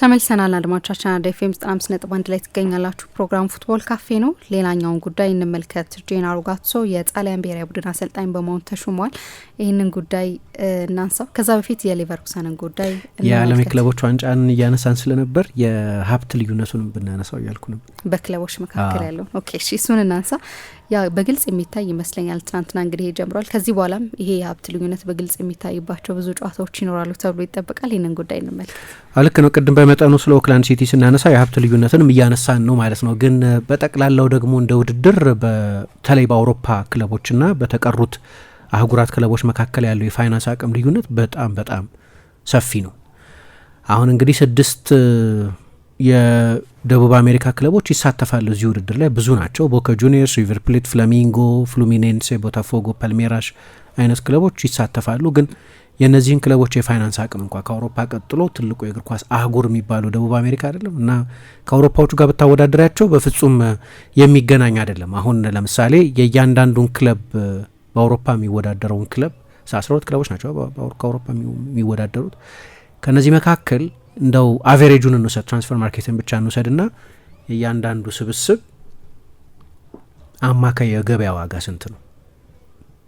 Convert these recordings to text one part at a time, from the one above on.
ተመልሰናል አድማጮቻችን፣ አራዳ ኤፍ ኤም ዘጠና አምስት ነጥብ አንድ ላይ ትገኛላችሁ። ፕሮግራም ፉትቦል ካፌ ነው። ሌላኛውን ጉዳይ እንመልከት። ጄናሮ ጋትሶ የጣሊያን ብሔራዊ ቡድን አሰልጣኝ በመሆን ተሹሟል። ይህንን ጉዳይ እናንሳው። ከዛ በፊት የሊቨርኩሰንን ጉዳይ የዓለም የክለቦች ዋንጫን እያነሳን ስለነበር የሀብት ልዩነቱንም ብናነሳው እያልኩ ነው፣ በክለቦች መካከል ያለውን። ኦኬ እሺ፣ እሱን እናንሳ። ያ በግልጽ የሚታይ ይመስለኛል። ትናንትና እንግዲህ ጀምሯል። ከዚህ በኋላም ይሄ የሀብት ልዩነት በግልጽ የሚታይባቸው ብዙ ጨዋታዎች ይኖራሉ ተብሎ ይጠበቃል። ይህንን ጉዳይ እንመልከት። ልክ ነው። ቅድም በመጠኑ ስለ ኦክላንድ ሲቲ ስናነሳ የሀብት ልዩነትንም እያነሳን ነው ማለት ነው። ግን በጠቅላላው ደግሞ እንደ ውድድር በተለይ በአውሮፓ ክለቦችና በተቀሩት አህጉራት ክለቦች መካከል ያለው የፋይናንስ አቅም ልዩነት በጣም በጣም ሰፊ ነው። አሁን እንግዲህ ስድስት የደቡብ አሜሪካ ክለቦች ይሳተፋሉ እዚህ ውድድር ላይ ብዙ ናቸው። ቦከ ጁኒየርስ፣ ሪቨር ፕሌት፣ ፍላሚንጎ፣ ፍሉሚኔንሴ፣ ቦታፎጎ፣ ፓልሜራሽ አይነት ክለቦች ይሳተፋሉ። ግን የእነዚህን ክለቦች የፋይናንስ አቅም እንኳ ከአውሮፓ ቀጥሎ ትልቁ የእግር ኳስ አህጉር የሚባለው ደቡብ አሜሪካ አይደለም እና ከአውሮፓዎቹ ጋር ብታወዳደሪያቸው በፍጹም የሚገናኝ አይደለም። አሁን ለምሳሌ የእያንዳንዱን ክለብ በአውሮፓ የሚወዳደረውን ክለብ አስራ ሁለት ክለቦች ናቸው ከአውሮፓ የሚወዳደሩት ከእነዚህ መካከል እንደው አቬሬጁን እንውሰድ፣ ትራንስፈር ማርኬትን ብቻ እንውሰድ ና የእያንዳንዱ ስብስብ አማካይ የገበያ ዋጋ ስንት ነው?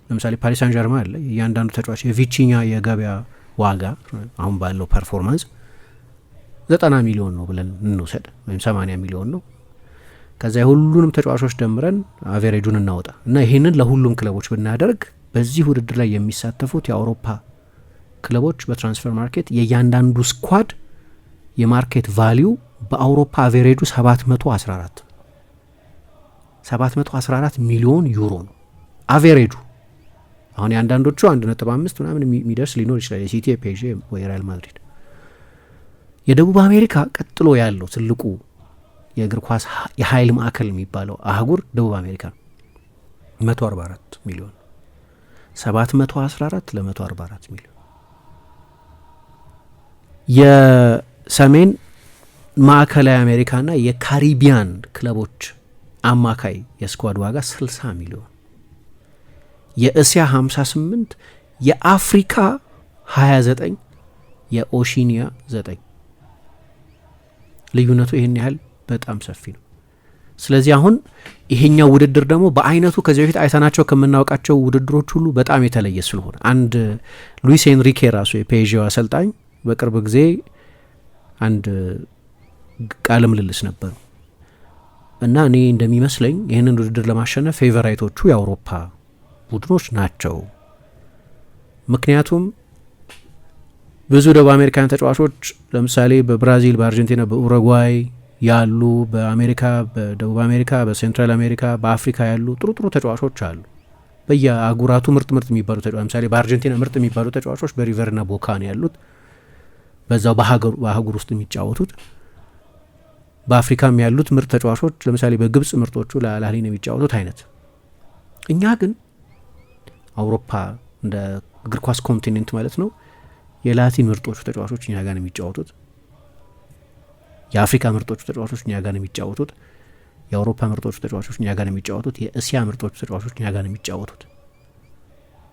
ለምሳሌ ፓሪስ ሳን ጀርማ አለ። የእያንዳንዱ ተጫዋች የቪቺኛ የገበያ ዋጋ አሁን ባለው ፐርፎርማንስ ዘጠና ሚሊዮን ነው ብለን እንውሰድ፣ ወይም ሰማኒያ ሚሊዮን ነው። ከዚያ የሁሉንም ተጫዋቾች ደምረን አቬሬጁን እናወጣ እና ይህንን ለሁሉም ክለቦች ብናደርግ በዚህ ውድድር ላይ የሚሳተፉት የአውሮፓ ክለቦች በትራንስፈር ማርኬት የእያንዳንዱ ስኳድ የማርኬት ቫሊዩ በአውሮፓ አቬሬጁ 714 714 ሚሊዮን ዩሮ ነው አቬሬጁ። አሁን የአንዳንዶቹ 1.5 ምናምን የሚደርስ ሊኖር ይችላል። የሲቲ ፔዥ ወይ ሪያል ማድሪድ። የደቡብ አሜሪካ ቀጥሎ ያለው ትልቁ የእግር ኳስ የኃይል ማዕከል የሚባለው አህጉር ደቡብ አሜሪካ ነው። 144 ሚሊዮን 714 ለ144 ሚሊዮን ሰሜን ማዕከላዊ አሜሪካና የካሪቢያን ክለቦች አማካይ የስኳድ ዋጋ 60 ሚሊዮን፣ የእስያ 58፣ የአፍሪካ 29፣ የኦሺኒያ 9። ልዩነቱ ይህን ያህል በጣም ሰፊ ነው። ስለዚህ አሁን ይሄኛው ውድድር ደግሞ በአይነቱ ከዚህ በፊት አይተናቸው ከምናውቃቸው ውድድሮች ሁሉ በጣም የተለየ ስለሆነ አንድ ሉዊስ ኤንሪኬ ራሱ የፔዥ አሰልጣኝ በቅርብ ጊዜ አንድ ቃለ ምልልስ ነበሩ እና እኔ እንደሚመስለኝ ይህንን ውድድር ለማሸነፍ ፌቨራይቶቹ የአውሮፓ ቡድኖች ናቸው። ምክንያቱም ብዙ ደቡብ አሜሪካን ተጫዋቾች ለምሳሌ በብራዚል፣ በአርጀንቲና፣ በኡሩጓይ ያሉ በአሜሪካ፣ በደቡብ አሜሪካ፣ በሴንትራል አሜሪካ፣ በአፍሪካ ያሉ ጥሩ ጥሩ ተጫዋቾች አሉ። በየአጉራቱ ምርጥ ምርጥ የሚባሉ ለምሳሌ በአርጀንቲና ምርጥ የሚባሉ ተጫዋቾች በሪቨርና ቦካን ያሉት። በዛው በአህጉር ውስጥ የሚጫወቱት በአፍሪካም ያሉት ምርጥ ተጫዋቾች ለምሳሌ በግብጽ ምርጦቹ ለአልአህሊ ነው የሚጫወቱት አይነት። እኛ ግን አውሮፓ እንደ እግር ኳስ ኮንቲኔንት ማለት ነው የላቲን ምርጦቹ ተጫዋቾች እኛ ጋር ነው የሚጫወቱት። የአፍሪካ ምርጦቹ ተጫዋቾች እኛ ጋር ነው የሚጫወቱት። የአውሮፓ ምርጦቹ ተጫዋቾች እኛ ጋር ነው የሚጫወቱት። የእስያ ምርጦቹ ተጫዋቾች እኛ ጋር ነው የሚጫወቱት።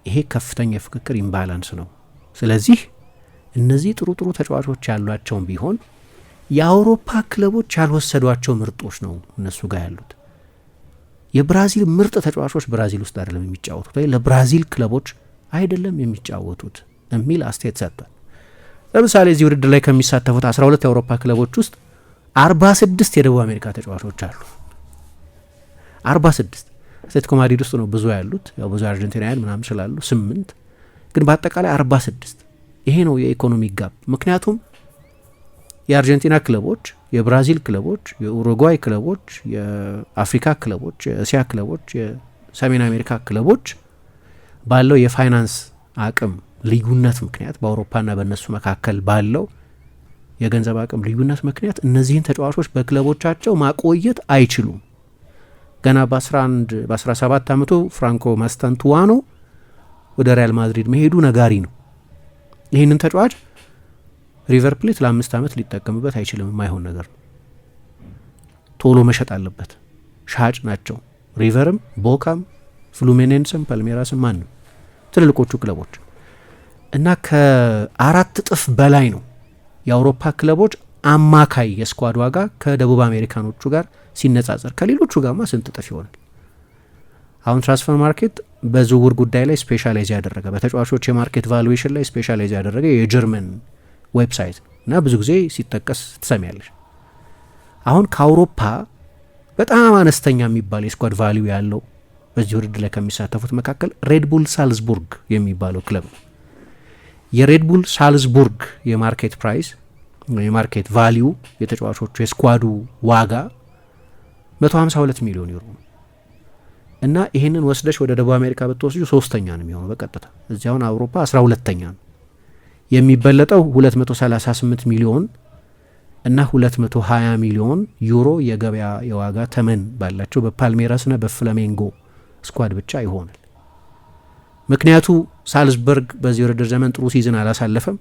ይሄ ከፍተኛ የፍክክር ኢምባላንስ ነው። ስለዚህ እነዚህ ጥሩ ጥሩ ተጫዋቾች ያሏቸውም ቢሆን የአውሮፓ ክለቦች ያልወሰዷቸው ምርጦች ነው እነሱ ጋር ያሉት። የብራዚል ምርጥ ተጫዋቾች ብራዚል ውስጥ አይደለም የሚጫወቱት ወይ ለብራዚል ክለቦች አይደለም የሚጫወቱት የሚል አስተያየት ሰጥቷል። ለምሳሌ እዚህ ውድድር ላይ ከሚሳተፉት 12 የአውሮፓ ክለቦች ውስጥ 46 የደቡብ አሜሪካ ተጫዋቾች አሉ። 46 አትሌቲኮ ማድሪድ ውስጥ ነው ብዙ ያሉት፣ ያው ብዙ አርጀንቲናውያን ምናምን ስላሉ ስምንት፣ ግን በአጠቃላይ 46 ይሄ ነው የኢኮኖሚ ጋብ። ምክንያቱም የአርጀንቲና ክለቦች፣ የብራዚል ክለቦች፣ የኡሩጓይ ክለቦች፣ የአፍሪካ ክለቦች፣ የእስያ ክለቦች፣ የሰሜን አሜሪካ ክለቦች ባለው የፋይናንስ አቅም ልዩነት ምክንያት በአውሮፓና በእነሱ መካከል ባለው የገንዘብ አቅም ልዩነት ምክንያት እነዚህን ተጫዋቾች በክለቦቻቸው ማቆየት አይችሉም። ገና በ17 ዓመቱ ፍራንኮ ማስተንቱዋኖ ወደ ሪያል ማድሪድ መሄዱ ነጋሪ ነው። ይህንን ተጫዋች ሪቨር ፕሌት ለአምስት ዓመት ሊጠቀምበት አይችልም። የማይሆን ነገር ነው። ቶሎ መሸጥ አለበት። ሻጭ ናቸው። ሪቨርም፣ ቦካም፣ ፍሉሜኔንስም፣ ፓልሜራስም ማንም ትልልቆቹ ክለቦች እና ከአራት እጥፍ በላይ ነው የአውሮፓ ክለቦች አማካይ የስኳድ ዋጋ ከደቡብ አሜሪካኖቹ ጋር ሲነጻጸር። ከሌሎቹ ጋርማ ስንት እጥፍ ይሆናል? አሁን ትራንስፈር ማርኬት በዝውውር ጉዳይ ላይ ስፔሻላይዝ ያደረገ በተጫዋቾች የማርኬት ቫሉዌሽን ላይ ስፔሻላይዝ ያደረገ የጀርመን ዌብሳይት እና ብዙ ጊዜ ሲጠቀስ ትሰሚያለች። አሁን ከአውሮፓ በጣም አነስተኛ የሚባል የስኳድ ቫሊዩ ያለው በዚህ ውድድር ላይ ከሚሳተፉት መካከል ሬድቡል ሳልዝቡርግ የሚባለው ክለብ ነው። የሬድቡል ሳልዝቡርግ የማርኬት ፕራይስ የማርኬት ቫሊዩ የተጫዋቾቹ የስኳዱ ዋጋ 152 ሚሊዮን ዩሮ ነው። እና ይህንን ወስደሽ ወደ ደቡብ አሜሪካ ብትወስጁ ሶስተኛ ነው የሚሆነው በቀጥታ እዚያውን አውሮፓ አስራ ሁለተኛ ነው የሚበለጠው 238 ሚሊዮን እና 220 ሚሊዮን ዩሮ የገበያ የዋጋ ተመን ባላቸው በፓልሜራስና በፍላሜንጎ ስኳድ ብቻ ይሆናል። ምክንያቱ ሳልዝበርግ በዚህ ውድድር ዘመን ጥሩ ሲዝን አላሳለፈም።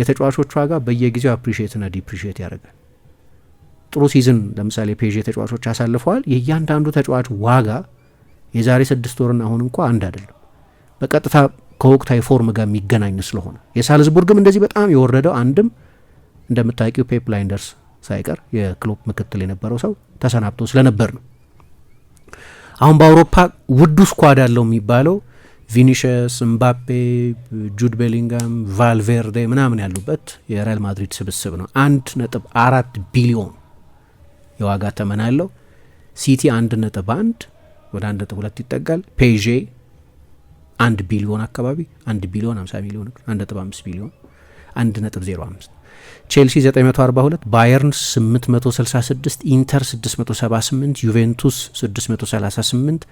የተጫዋቾች ዋጋ በየጊዜው አፕሪሼትና ዲፕሪሼት ያደርጋል። ጥሩ ሲዝን ለምሳሌ ፔዥ ተጫዋቾች አሳልፈዋል። የእያንዳንዱ ተጫዋች ዋጋ የዛሬ ስድስት ወርና አሁን እንኳ አንድ አይደለም። በቀጥታ ከወቅታዊ ፎርም ጋር የሚገናኝ ስለሆነ የሳልዝቡርግም እንደዚህ በጣም የወረደው አንድም እንደምታውቂው ፔፕ ላይንደርስ ሳይቀር የክሎፕ ምክትል የነበረው ሰው ተሰናብቶ ስለነበር ነው። አሁን በአውሮፓ ውዱ ስኳድ አለው የሚባለው ቪኒሽስ፣ እምባፔ፣ ጁድ ቤሊንጋም፣ ቫልቬርዴ ምናምን ያሉበት የሪያል ማድሪድ ስብስብ ነው። አንድ ነጥብ አራት ቢሊዮን የዋጋ ተመን አለው። ሲቲ አንድ ነጥብ አንድ ወደ አንድ ነጥብ ሁለት ይጠጋል። ፔዤ አንድ ቢሊዮን አካባቢ አንድ ቢሊዮን ሀምሳ ሚሊዮን አንድ ነጥብ አምስት ቢሊዮን አንድ ነጥብ ዜሮ አምስት ቼልሲ 942 ባየርን 866 ኢንተር 678 ዩቬንቱስ 638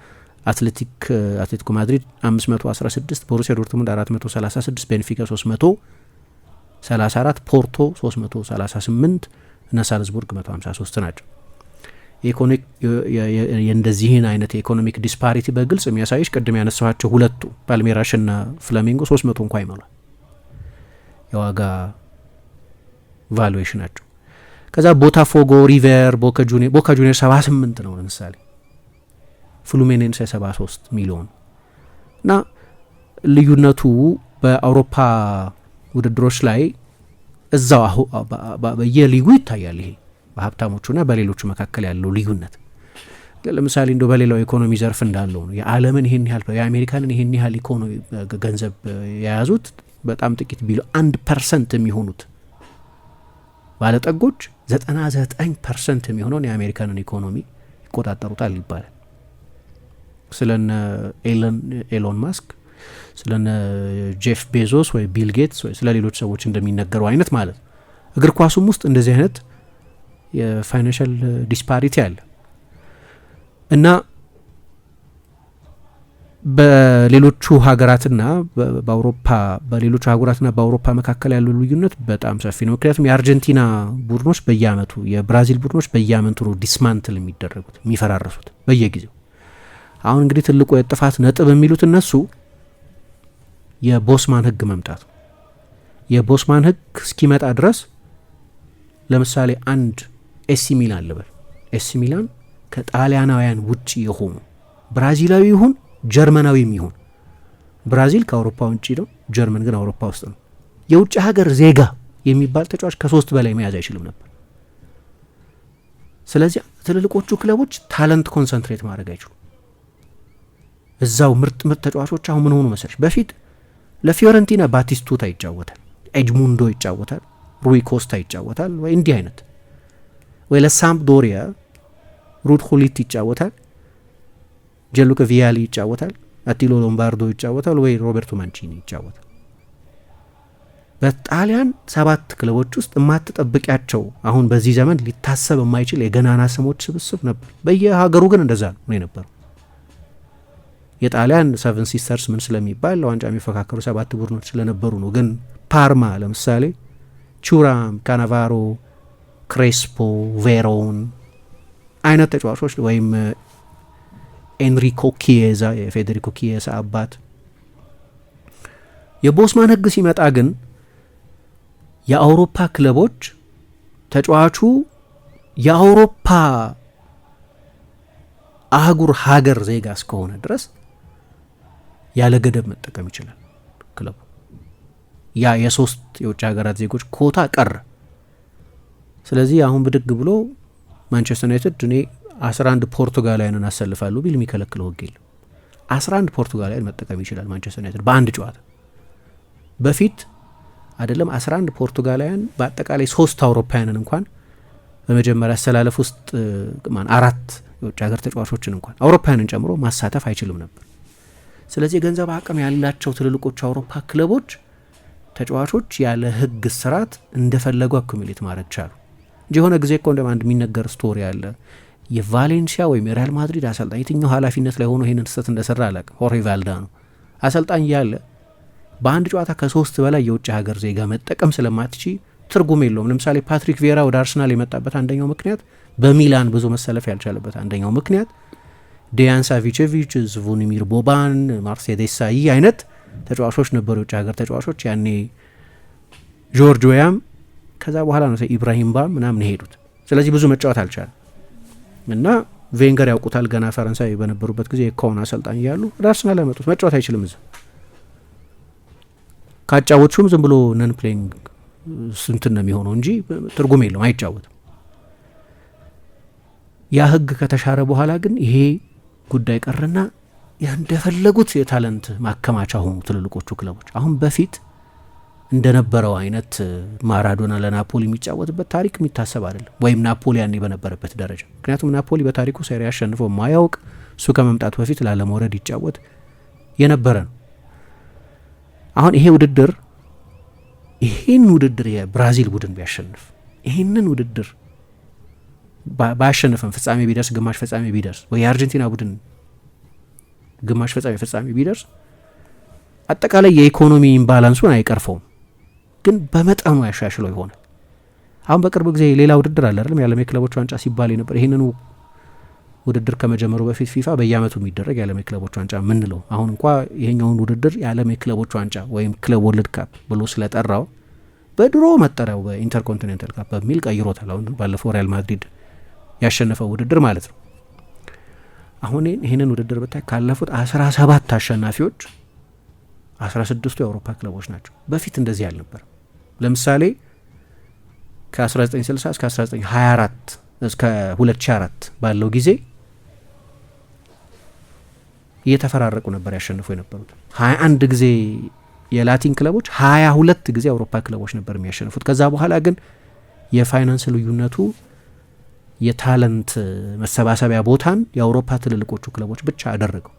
አትሌቲክ አትሌቲኮ ማድሪድ 516 ቦሩሲያ ዶርትሙንድ 436 ቤንፊካ 334 ፖርቶ 338 እና ሳልዝቡርግ 153 ናቸው። የእንደዚህን አይነት የኢኮኖሚክ ዲስፓሪቲ በግልጽ የሚያሳይሽ ቅድም ያነሳቸው ሁለቱ ና ፍላሜንጎ ሶስት መቶ እንኳ ይመሏል የዋጋ ቫሉዌሽን ናቸው። ከዛ ቦታፎጎ፣ ሪቨር፣ ቦካ ጁኒየር ቦካ ጁኒየር 78 ነው ለምሳሌ ፍሉሜኔንስ 73 ሚሊዮን እና ልዩነቱ በአውሮፓ ውድድሮች ላይ እዛው በየሊጉ ይታያል ይሄ በሀብታሞቹና በሌሎቹ መካከል ያለው ልዩነት ለምሳሌ እንደ በሌላው ኢኮኖሚ ዘርፍ እንዳለው ነው። የዓለምን ይህን ያህል የአሜሪካንን ይህን ያህል ኢኮኖሚ ገንዘብ የያዙት በጣም ጥቂት ቢሎ አንድ ፐርሰንት የሚሆኑት ባለጠጎች ዘጠና ዘጠኝ ፐርሰንት የሚሆነውን የአሜሪካንን ኢኮኖሚ ይቆጣጠሩታል ይባላል። ስለነ ኤሎን ማስክ ስለነ ጄፍ ቤዞስ ወይ ቢል ጌትስ ወይ ስለ ሌሎች ሰዎች እንደሚነገረው አይነት ማለት እግር ኳሱም ውስጥ እንደዚህ አይነት የፋይናንሻል ዲስፓሪቲ አለ እና በሌሎቹ ሀገራትና በአውሮፓ በሌሎቹ ሀገራትና በአውሮፓ መካከል ያለ ልዩነት በጣም ሰፊ ነው። ምክንያቱም የአርጀንቲና ቡድኖች በየአመቱ የብራዚል ቡድኖች በየአመቱ ነው ዲስማንትል የሚደረጉት የሚፈራረሱት በየጊዜው። አሁን እንግዲህ ትልቁ የጥፋት ነጥብ የሚሉት እነሱ የቦስማን ህግ መምጣት የቦስማን ህግ እስኪመጣ ድረስ ለምሳሌ አንድ ኤሲ ሚላን ልበል። ኤሲ ሚላን ከጣሊያናውያን ውጭ የሆኑ ብራዚላዊ ይሁን ጀርመናዊም ይሁን ብራዚል ከአውሮፓ ውጭ ነው፣ ጀርመን ግን አውሮፓ ውስጥ ነው። የውጭ ሀገር ዜጋ የሚባል ተጫዋች ከሶስት በላይ መያዝ አይችልም ነበር። ስለዚህ ትልልቆቹ ክለቦች ታለንት ኮንሰንትሬት ማድረግ አይችሉ። እዛው ምርጥ ምርጥ ተጫዋቾች አሁን ምን ሆኑ መሰለሽ፣ በፊት ለፊዮረንቲና ባቲስቱታ ይጫወታል፣ ኤጅሙንዶ ይጫወታል፣ ሩይ ኮስታ ይጫወታል፣ ወይ እንዲህ አይነት ወይ ለሳምፕዶሪያ ሩድ ሁሊት ይጫወታል፣ ጀሉከ ቪያሊ ይጫወታል፣ አቲሎ ሎምባርዶ ይጫወታል፣ ወይ ሮበርቶ ማንቺኒ ይጫወታል። በጣሊያን ሰባት ክለቦች ውስጥ የማትጠብቂያቸው አሁን በዚህ ዘመን ሊታሰብ የማይችል የገናና ስሞች ስብስብ ነበር። በየሀገሩ ግን እንደዛ ነው የነበረው። የጣሊያን ሰቨን ሲስተርስ ምን ስለሚባል ለዋንጫ የሚፈካከሩ ሰባት ቡድኖች ስለነበሩ ነው። ግን ፓርማ ለምሳሌ ቹራም፣ ካናቫሮ ክሬስፖ፣ ቬሮን አይነት ተጫዋቾች ወይም ኤንሪኮ ኪየዛ የፌዴሪኮ ኪየዛ አባት የቦስማን ህግ ሲመጣ ግን የአውሮፓ ክለቦች ተጫዋቹ የአውሮፓ አህጉር ሀገር ዜጋ እስከሆነ ድረስ ያለ ገደብ መጠቀም ይችላል ክለቡ። ያ የሶስት የውጭ ሀገራት ዜጎች ኮታ ቀረ። ስለዚህ አሁን ብድግ ብሎ ማንቸስተር ዩናይትድ እኔ አንድ ፖርቱጋላውያንን አሰልፋለሁ ቢል የሚከለክለው ህግ የለም። አንድ ፖርቱጋላውያን መጠቀም ይችላል ማንቸስተር ዩናይትድ በአንድ ጨዋታ። በፊት አይደለም አንድ ፖርቱጋላውያን በአጠቃላይ ሶስት አውሮፓውያንን እንኳን በመጀመሪያ አሰላለፍ ውስጥ አራት የውጭ ሀገር ተጫዋቾችን እንኳን አውሮፓውያንን ጨምሮ ማሳተፍ አይችልም ነበር። ስለዚህ የገንዘብ አቅም ያላቸው ትልልቆቹ አውሮፓ ክለቦች ተጫዋቾች ያለ ህግ ስርዓት እንደፈለጉ አኩሚሌት ማድረግ ቻሉ። እንጂ የሆነ ጊዜ እኮ እንደም አንድ የሚነገር ስቶሪ አለ። የቫሌንሲያ ወይም የሪያል ማድሪድ አሰልጣኝ የትኛው ኃላፊነት ላይ ሆኖ ይህንን ስህተት እንደሰራ አላቅ ሆሬ ቫልዳ ነው አሰልጣኝ ያለ በአንድ ጨዋታ ከሶስት በላይ የውጭ ሀገር ዜጋ መጠቀም ስለማትቺ ትርጉም የለውም። ለምሳሌ ፓትሪክ ቬራ ወደ አርሰናል የመጣበት አንደኛው ምክንያት በሚላን ብዙ መሰለፍ ያልቻለበት አንደኛው ምክንያት ዴያን ሳቪቼቪች፣ ዝቮኒሚር ቦባን፣ ማርሴል ዴሳይ አይነት ተጫዋቾች ነበሩ፣ የውጭ ሀገር ተጫዋቾች ያኔ ጆርጅ ወያም ከዛ በኋላ ነው ኢብራሂም ባ ምናምን የሄዱት። ስለዚህ ብዙ መጫወት አልቻለም እና ቬንገር ያውቁታል። ገና ፈረንሳይ በነበሩበት ጊዜ ከሆነ አሰልጣኝ እያሉ ወደ አርሰናል ያመጡት። መጫወት አይችልም እዛ ካጫወቹም ዝም ብሎ ነን ፕሌይንግ ስንትን ነው የሚሆነው እንጂ ትርጉም የለውም፣ አይጫወትም። ያ ህግ ከተሻረ በኋላ ግን ይሄ ጉዳይ ቀርና እንደፈለጉት የታለንት ማከማቻ ሆኑ ትልልቆቹ ክለቦች። አሁን በፊት እንደነበረው አይነት ማራዶና ለናፖሊ የሚጫወትበት ታሪክ የሚታሰብ አይደለም፣ ወይም ናፖሊ ያኔ በነበረበት ደረጃ። ምክንያቱም ናፖሊ በታሪኩ ሴሪ አሸንፎ ማያውቅ እሱ ከመምጣቱ በፊት ላለመውረድ ይጫወት የነበረ ነው። አሁን ይሄ ውድድር ይህን ውድድር የብራዚል ቡድን ቢያሸንፍ ይህንን ውድድር ባያሸንፍም ፍጻሜ ቢደርስ ግማሽ ፍጻሜ ቢደርስ ወይ የአርጀንቲና ቡድን ግማሽ ፍጻሜ ፍጻሜ ቢደርስ አጠቃላይ የኢኮኖሚ ኢምባላንሱን አይቀርፈውም። ግን በመጠኑ ያሻሽለው ይሆነ አሁን በቅርብ ጊዜ ሌላ ውድድር አለ አይደለም የዓለም የክለቦች ዋንጫ ሲባል ነበር። ይህንኑ ውድድር ከመጀመሩ በፊት ፊፋ በየአመቱ የሚደረግ የዓለም የክለቦች ዋንጫ ምንለው አሁን እንኳ ይሄኛውን ውድድር የዓለም የክለቦች ዋንጫ ወይም ክለብ ወርልድ ካፕ ብሎ ስለጠራው በድሮ መጠሪያው በኢንተርኮንቲኔንታል ካፕ በሚል ቀይሮታል። አሁን ባለፈው ሪያል ማድሪድ ያሸነፈው ውድድር ማለት ነው። አሁን ይህንን ውድድር ብታይ ካለፉት አስራ ሰባት አሸናፊዎች አስራ ስድስቱ የአውሮፓ ክለቦች ናቸው። በፊት እንደዚህ አልነበርም። ለምሳሌ ከ1960 እስከ 1924 እስከ 2004 ባለው ጊዜ እየተፈራረቁ ነበር ያሸንፉ የነበሩት። 21 ጊዜ የላቲን ክለቦች፣ 22 ጊዜ የአውሮፓ ክለቦች ነበር የሚያሸንፉት። ከዛ በኋላ ግን የፋይናንስ ልዩነቱ የታለንት መሰባሰቢያ ቦታን የአውሮፓ ትልልቆቹ ክለቦች ብቻ አደረገው።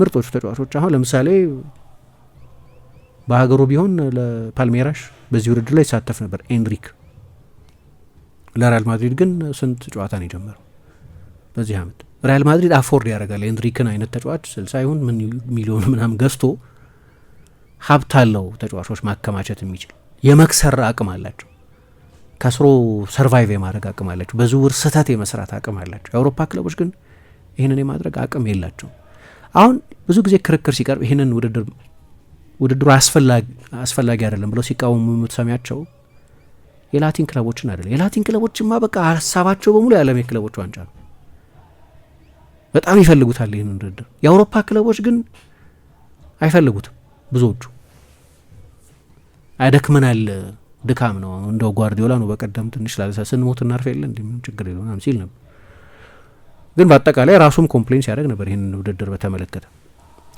ምርጦቹ ተጫዋቾች አሁን ለምሳሌ በሀገሩ ቢሆን ለፓልሜራሽ በዚህ ውድድር ላይ ይሳተፍ ነበር ኤንሪክ። ለሪያል ማድሪድ ግን ስንት ጨዋታ ነው የጀመረው በዚህ አመት? ሪያል ማድሪድ አፎርድ ያደርጋል ኤንሪክን አይነት ተጫዋች ስልሳ ይሁን ምን ሚሊዮን ምናምን ገዝቶ ሀብት አለው ተጫዋቾች ማከማቸት የሚችል የመክሰር አቅም አላቸው። ከስሮ ሰርቫይቭ የማድረግ አቅም አላቸው። በዝውውር ስህተት የመስራት አቅም አላቸው። የአውሮፓ ክለቦች ግን ይህንን የማድረግ አቅም የላቸው። አሁን ብዙ ጊዜ ክርክር ሲቀርብ ይህንን ውድድር ውድድሩ አስፈላጊ አይደለም ብለው ሲቃወሙ የምትሰሚያቸው የላቲን ክለቦችን አይደለም። የላቲን ክለቦችማ በቃ ሀሳባቸው በሙሉ የዓለም የክለቦች ዋንጫ ነው። በጣም ይፈልጉታል ይህን ውድድር። የአውሮፓ ክለቦች ግን አይፈልጉትም። ብዙዎቹ አይደክመናል፣ ድካም ነው። እንደው ጓርዲዮላ ነው በቀደም ትንሽ ላለ ስንሞት እናርፍ የለ እንዲ ችግር የለውም ሲል ነበር። ግን በአጠቃላይ ራሱም ኮምፕሌን ሲያደርግ ነበር ይህንን ውድድር በተመለከተ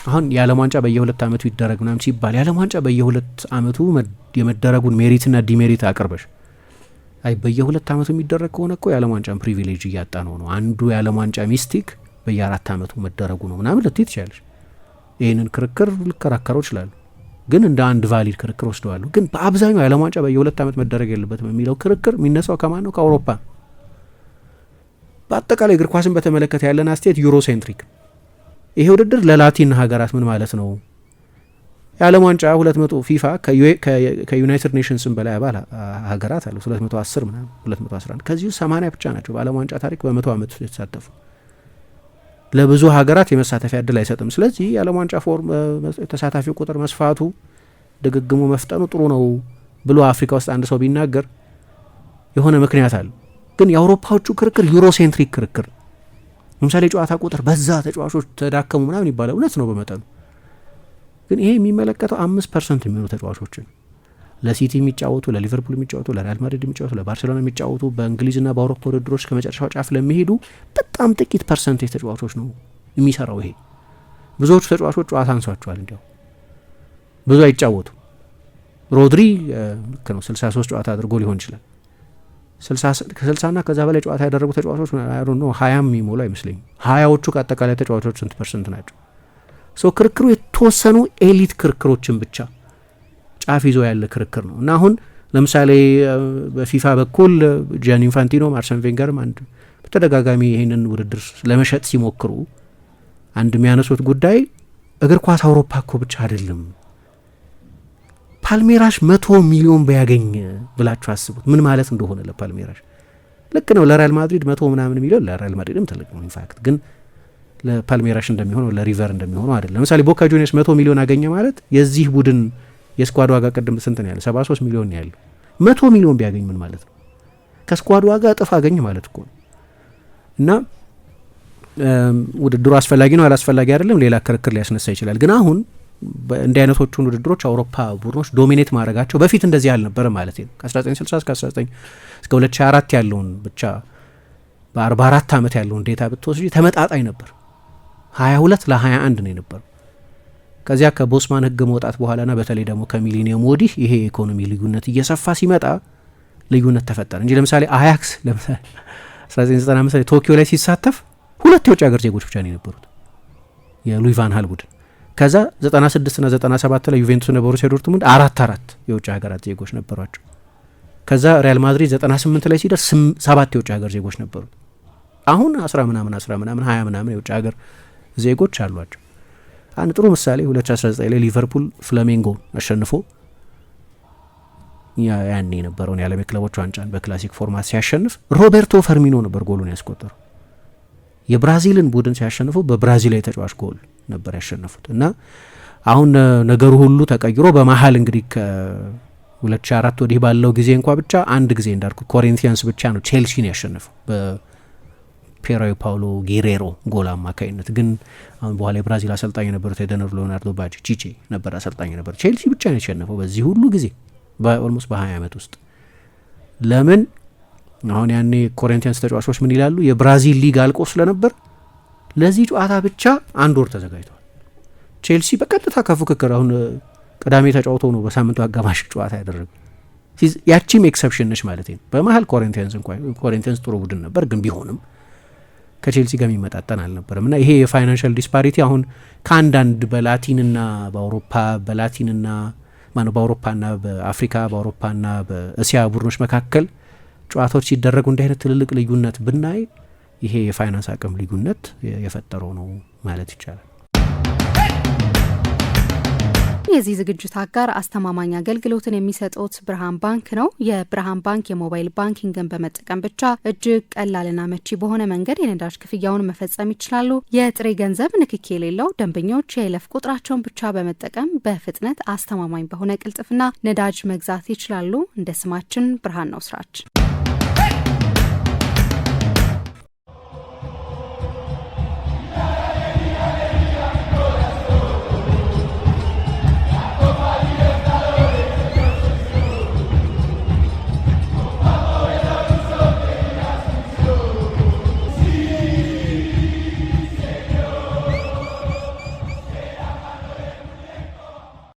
አሁን የዓለም ዋንጫ በየሁለት አመቱ ይደረግ ምናምን ሲባል የዓለም ዋንጫ በየሁለት አመቱ የመደረጉን ሜሪትና ዲሜሪት አቅርበሽ አይ በየሁለት አመቱ የሚደረግ ከሆነ እኮ የዓለም ዋንጫን ፕሪቪሌጅ እያጣ ነው ነው አንዱ የዓለም ዋንጫ ሚስቲክ በየአራት አመቱ መደረጉ ነው ምናምን ልትይ ትችላለሽ። ይህንን ክርክር ልከራከረው ይችላሉ፣ ግን እንደ አንድ ቫሊድ ክርክር ወስደዋሉ። ግን በአብዛኛው የዓለም ዋንጫ በየሁለት አመት መደረግ የለበትም የሚለው ክርክር የሚነሳው ከማን ነው? ከአውሮፓ። በአጠቃላይ እግር ኳስን በተመለከተ ያለን አስተያየት ነው። ይሄ ውድድር ለላቲን ሀገራት ምን ማለት ነው? የዓለም ዋንጫ ሁለት መቶ ፊፋ ከዩናይትድ ኔሽንስን በላይ አባል ሀገራት አሉ። ሁለት መቶ አስር ምናምን ሁለት መቶ አስራ አንድ ሰማኒያ ብቻ ናቸው በዓለም ዋንጫ ታሪክ በመቶ ዓመት የተሳተፉ ለብዙ ሀገራት የመሳተፊያ እድል አይሰጥም። ስለዚህ የዓለም ዋንጫ ፎርም ተሳታፊው ቁጥር መስፋቱ ድግግሙ መፍጠኑ ጥሩ ነው ብሎ አፍሪካ ውስጥ አንድ ሰው ቢናገር የሆነ ምክንያት አለ። ግን የአውሮፓዎቹ ክርክር ዩሮሴንትሪክ ክርክር ለምሳሌ የጨዋታ ቁጥር በዛ ተጫዋቾች ተዳከሙ ምናምን ይባላል። እውነት ነው በመጠኑ ግን ይሄ የሚመለከተው አምስት ፐርሰንት የሚሆኑ ተጫዋቾችን ለሲቲ የሚጫወቱ ለሊቨርፑል የሚጫወቱ ለሪያል ማድሪድ የሚጫወቱ ለባርሴሎና የሚጫወቱ በእንግሊዝና በአውሮፓ ውድድሮች ከመጨረሻው ጫፍ ለሚሄዱ በጣም ጥቂት ፐርሰንቴጅ ተጫዋቾች ነው የሚሰራው። ይሄ ብዙዎቹ ተጫዋቾች ጨዋታ አንሷቸዋል፣ እንዲያው ብዙ አይጫወቱ። ሮድሪ ልክ ነው 63 ጨዋታ አድርጎ ሊሆን ይችላል። ከስልሳና ከዛ በላይ ጨዋታ ያደረጉ ተጫዋቾች ሩ ነው ሀያም የሚሞሉ አይመስለኝ። ሀያዎቹ ከአጠቃላይ ተጫዋቾች ስንት ፐርሰንት ናቸው? ሰው ክርክሩ የተወሰኑ ኤሊት ክርክሮችን ብቻ ጫፍ ይዞ ያለ ክርክር ነው እና አሁን ለምሳሌ በፊፋ በኩል ጂያን ኢንፋንቲኖም አርሰን ቬንገርም አንድ በተደጋጋሚ ይህንን ውድድር ለመሸጥ ሲሞክሩ አንድ የሚያነሱት ጉዳይ እግር ኳስ አውሮፓ እኮ ብቻ አይደለም ፓልሜራሽ መቶ ሚሊዮን ባያገኝ ብላችሁ አስቡት ምን ማለት እንደሆነ ለፓልሜራሽ። ልክ ነው ለሪያል ማድሪድ መቶ ምናምን ሚሊዮን ለሪያል ማድሪድም ትልቅ ነው ኢንፋክት፣ ግን ለፓልሜራሽ እንደሚሆነው ለሪቨር እንደሚሆነው አይደለም። ለምሳሌ ቦካ ጁኒየርስ መቶ ሚሊዮን አገኘ ማለት የዚህ ቡድን የስኳድ ዋጋ ቅድም ስንት ነው ያለ? ሰባ ሶስት ሚሊዮን ነው መቶ ሚሊዮን ቢያገኝ ምን ማለት ነው? ከስኳድ ዋጋ እጥፍ አገኝ ማለት እኮ ነው። እና ውድድሩ አስፈላጊ ነው አላስፈላጊ አይደለም ሌላ ክርክር ሊያስነሳ ይችላል። ግን አሁን እንዲህ አይነቶቹን ውድድሮች አውሮፓ ቡድኖች ዶሚኔት ማድረጋቸው በፊት እንደዚህ አልነበረ ማለት ነው። ከ1960 እስከ 19 እስከ 2004 ያለውን ብቻ በ44 ዓመት ያለውን ዴታ ብትወስጂ ተመጣጣኝ ነበር። 22 ለ21 ነው የነበረው። ከዚያ ከቦስማን ህግ መውጣት በኋላና በተለይ ደግሞ ከሚሊኒየም ወዲህ ይሄ የኢኮኖሚ ልዩነት እየሰፋ ሲመጣ ልዩነት ተፈጠረ እንጂ ለምሳሌ አያክስ ለምሳሌ 1995 ቶኪዮ ላይ ሲሳተፍ ሁለት የውጭ ሀገር ዜጎች ብቻ ነው የነበሩት የሉይቫን ሀል ቡድን ከዛ 96 ና 97 ላይ ዩቬንቱስ ነበሩ ቦሩሲያ ዶርትሙንድ አራት አራት የውጭ ሀገራት ዜጎች ነበሯቸው። ከዛ ሪያል ማድሪድ 98 ላይ ሲደርስ ሰባት የውጭ ሀገር ዜጎች ነበሩ። አሁን አስራ ምናምን አስራ ምናምን ሀያ ምናምን የውጭ ሀገር ዜጎች አሏቸው። አንድ ጥሩ ምሳሌ 2019 ላይ ሊቨርፑል ፍላሜንጎ አሸንፎ ያኔ የነበረውን የዓለም ክለቦች ዋንጫን በክላሲክ ፎርማት ሲያሸንፍ ሮቤርቶ ፈርሚኖ ነበር ጎሉን ያስቆጠረው። የብራዚልን ቡድን ሲያሸንፉ በብራዚላዊ ተጫዋች ጎል ነበር ያሸነፉት እና አሁን ነገሩ ሁሉ ተቀይሮ በመሀል እንግዲህ ከ2004 ወዲህ ባለው ጊዜ እንኳ ብቻ አንድ ጊዜ እንዳልኩ ኮሪንቲያንስ ብቻ ነው ቼልሲን ያሸነፈው በፔራዊ ፓውሎ ጌሬሮ ጎል አማካኝነት። ግን አሁን በኋላ የብራዚል አሰልጣኝ የነበሩት የደነር ሊዮናርዶ ባጅ ቺቼ ነበር አሰልጣኝ ነበር። ቼልሲ ብቻ ነው ያሸነፈው በዚህ ሁሉ ጊዜ በኦልሞስት በ20 ዓመት ውስጥ ለምን አሁን ያኔ ኮሪንቲያንስ ተጫዋቾች ምን ይላሉ? የብራዚል ሊግ አልቆ ስለነበር ለዚህ ጨዋታ ብቻ አንድ ወር ተዘጋጅቷል። ቼልሲ በቀጥታ ከፉክክር አሁን ቅዳሜ ተጫውቶ ነው በሳምንቱ አጋማሽ ጨዋታ ያደረገው። ያቺም ኤክሰፕሽን ነች ማለት ነው። በመሀል ኮሪንቲያንስ እንኳ ኮሪንቲያንስ ጥሩ ቡድን ነበር፣ ግን ቢሆንም ከቼልሲ ጋር የሚመጣጠን አልነበረም እና ይሄ የፋይናንሻል ዲስፓሪቲ አሁን ከአንዳንድ በላቲንና በአውሮፓ በላቲንና ማነው በአውሮፓና በአፍሪካ በአውሮፓና በእስያ ቡድኖች መካከል ጨዋታዎች ሲደረጉ እንዲህ አይነት ትልልቅ ልዩነት ብናይ ይሄ የፋይናንስ አቅም ልዩነት የፈጠረው ነው ማለት ይቻላል። የዚህ ዝግጅት አጋር አስተማማኝ አገልግሎትን የሚሰጡት ብርሃን ባንክ ነው። የብርሃን ባንክ የሞባይል ባንኪንግን በመጠቀም ብቻ እጅግ ቀላልና መቺ በሆነ መንገድ የነዳጅ ክፍያውን መፈጸም ይችላሉ። የጥሬ ገንዘብ ንክኪ የሌለው ደንበኞች የይለፍ ቁጥራቸውን ብቻ በመጠቀም በፍጥነት አስተማማኝ በሆነ ቅልጥፍና ነዳጅ መግዛት ይችላሉ። እንደ ስማችን ብርሃን ነው ስራችን።